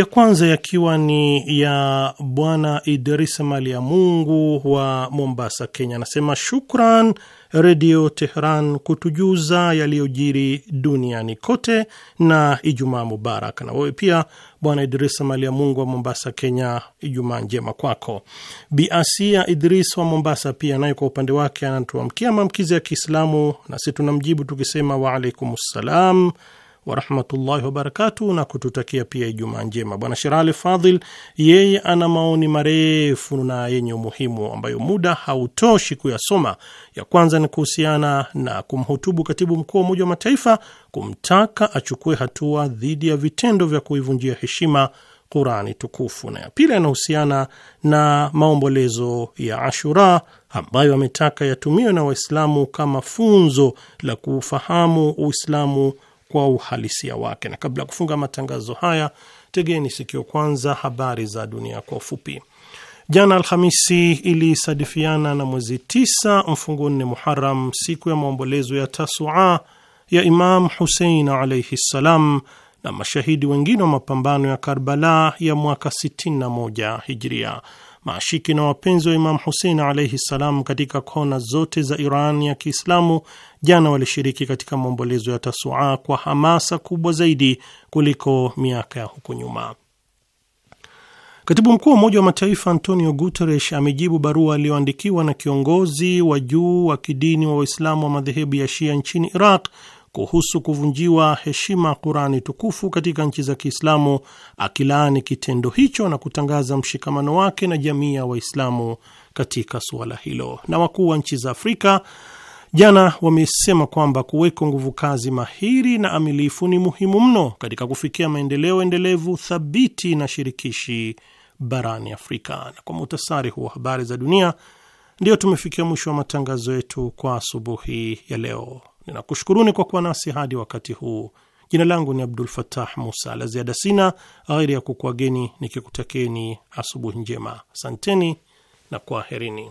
ya kwanza yakiwa ni ya Bwana Idrisa Mali ya Mungu wa Mombasa, Kenya. Anasema shukran Redio Tehran kutujuza yaliyojiri duniani kote, na Ijumaa mubarak. Na wewe pia Bwana Idrisa Mali ya Mungu wa Mombasa, Kenya, Ijumaa njema kwako. Biasia Idris wa Mombasa pia naye kwa upande wake anatuamkia maamkizi ya Kiislamu, nasi tunamjibu tukisema waalaikum ssalam warahmatullahi wabarakatu, na kututakia pia Ijumaa njema. Bwana Sherali Fadhil yeye ana maoni marefu na yenye umuhimu ambayo muda hautoshi kuyasoma. Ya kwanza ni kuhusiana na kumhutubu katibu mkuu wa Umoja wa Mataifa kumtaka achukue hatua dhidi ya vitendo vya kuivunjia heshima Qurani tukufu, na ya pili yanahusiana na maombolezo ya Ashura ambayo ametaka yatumiwe na Waislamu kama funzo la kuufahamu Uislamu kwa uhalisia wake. Na kabla ya kufunga matangazo haya, tegeni sikio kwanza habari za dunia kwa ufupi. Jana Alhamisi ilisadifiana na mwezi tisa mfungo nne Muharam, siku ya maombolezo ya Tasua ya Imam Husein alaihi ssalam na mashahidi wengine wa mapambano ya Karbala ya mwaka 61 Hijria maashiki na wapenzi wa Imamu Husein alaihi ssalam katika kona zote za Iran ya Kiislamu jana walishiriki katika maombolezo ya Tasua kwa hamasa kubwa zaidi kuliko miaka ya huko nyuma. Katibu mkuu wa Umoja wa Mataifa Antonio Guterres amejibu barua aliyoandikiwa na kiongozi wa juu wa kidini wa Waislamu wa madhehebu ya Shia nchini Iraq kuhusu kuvunjiwa heshima Kurani tukufu katika nchi za Kiislamu, akilaani kitendo hicho na kutangaza mshikamano wake na jamii ya Waislamu katika suala hilo. Na wakuu wa nchi za Afrika jana wamesema kwamba kuweko nguvu kazi mahiri na amilifu ni muhimu mno katika kufikia maendeleo endelevu, thabiti na shirikishi barani Afrika. Na kwa muhtasari huo habari za dunia, ndiyo tumefikia mwisho wa matangazo yetu kwa asubuhi ya leo. Ninakushukuruni kwa kuwa nasi hadi wakati huu. Jina langu ni Abdul fatah Musa. La ziada sina ghairi ya kukuageni nikikutakeni asubuhi njema. Asanteni na kwaherini.